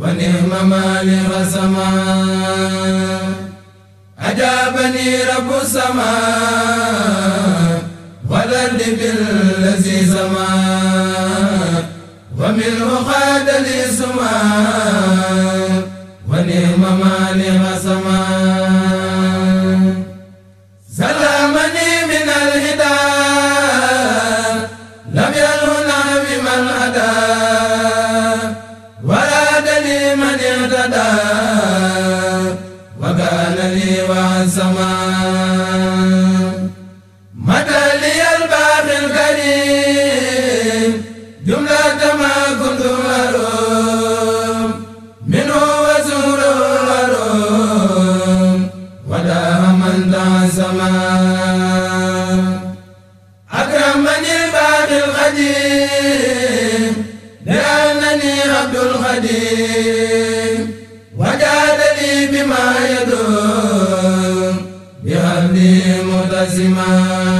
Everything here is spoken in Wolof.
ونعم مالك السماء أجابني رب السماء والأرض بالذي سماء ومنه خاد لي سماء ونعم مالك السماء سلامني من الهدى لم يلهنا بمن أداه الزمان مدى لي الباقي الكريم جملة ما كنت أروم منه وزور أروم ولا من الزمان أكرمني الباقي القديم لأنني عبد القديم bi habli mutasima